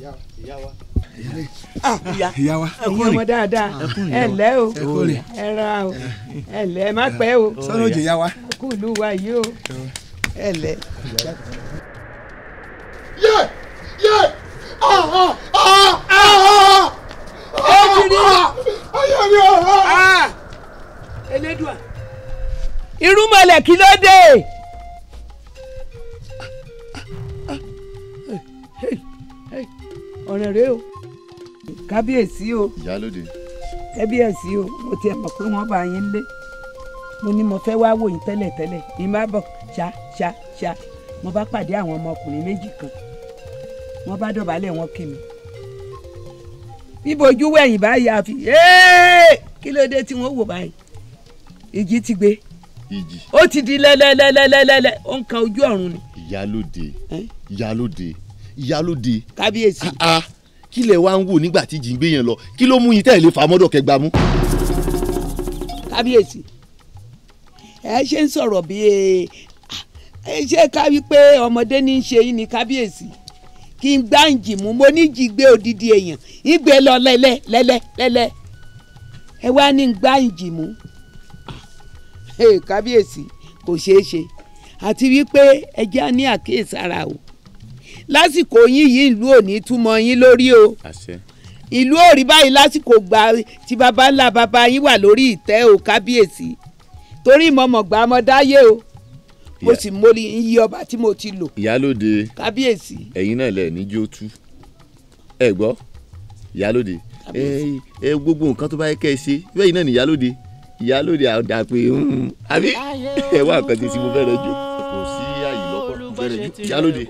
ìyá wa ah, ẹ̀yin ọmọ dáadáa ẹ lẹ́ o ẹ ra o ẹ lẹ́ ẹ má pẹ́ o sọ́nọ́jì ìyá wa kúlù wa yìí o ẹ lẹ́. yé yé ọ̀hún ọ̀hún ọ̀hún elédùà irúmọlẹ̀ kí ló dé ọ̀rẹ́ rẹ o kábíyèsí o ìyálóde kábíyèsí o mo tiẹ̀ mọ̀ pé wọ́n bá yín lé mo ní mo fẹ́ wá wò yín tẹ́lẹ̀tẹ́lẹ̀ ní bá bọ̀ ṣá ṣá ṣá mo bá pàdé àwọn ọmọkùnrin méjì kan wọ́n bá dọ̀bálẹ̀ wọn kí mi bíbojú wẹ̀yìn báyìí àfi kí ló dé tí wọ́n wò báyìí ìjì ti gbé ó ti di lẹ́lẹ́lẹ́lẹ́lẹ́lẹ́ ó ń kan ojú ọ̀run ni. ìyálóde ìyálóde. Eh? ìyálóde. kábíyèsí. a ah, ah. kí lẹ wá ń wò nígbà tí jìngbé yẹn lọ kí ló mú yín tẹ̀lé fàmọ́dọ̀ kẹgbà mú. kábíyèsí ẹ ṣe ń sọ̀rọ̀ bí e. ẹ ṣe ká wí pé ọmọdé ní í ṣe yín ni kábíyèsí kí n gbáǹjì mú mo ní jìgbé odidi èèyàn ìgbé lọ lẹ́lẹ́ lẹ́lẹ́ lẹ́lẹ́ ẹ wá ní gbáǹjì mú kábíyèsí kò ṣeé ṣe àti wípé ẹjẹ́ á ní àkíyèsára o lásìkò yín yìí ìlú ò ní túmọ̀ yín lórí o ìlú ò rí báyìí lásìkò gbà tí baba ńlá baba yín wà lórí ìtẹ́ ò kábíyèsí torí ìmọ̀mọ̀ gbà mọ́ o mo sì mórí iye ọba tí mo ti lò. ìyálòde kábíyèsí. ẹ̀yin náà lẹ̀ ní jó tú ẹ gbọ́ ìyálòde ẹ gbogbo nǹkan tó bá yẹ kẹ́ ẹ ṣe bẹ́ẹ̀ náà ní ìyálòde ìyálòde àdàpé ẹ wá nǹkan tí mo fẹ́ rẹ jù kò sí rẹ̀ ju kíá lóde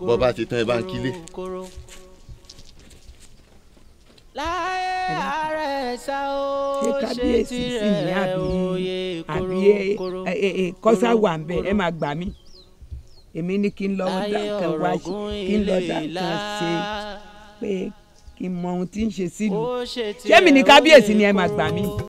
bọ́ bá ti tán ẹ bá ń kílé. láyé ara ẹ̀ sá ó ṣe tirẹ̀ òye kóró. àbí kọ́sá wà ń bẹ ẹ máa gbà mí èmi ní kí n lọ dákan wá ṣe kí n lọ dákan ṣe pé kí n mọ ohun tí ń ṣe sílùú ṣé mi ní kábíyèsí ni ẹ máa gbà mí.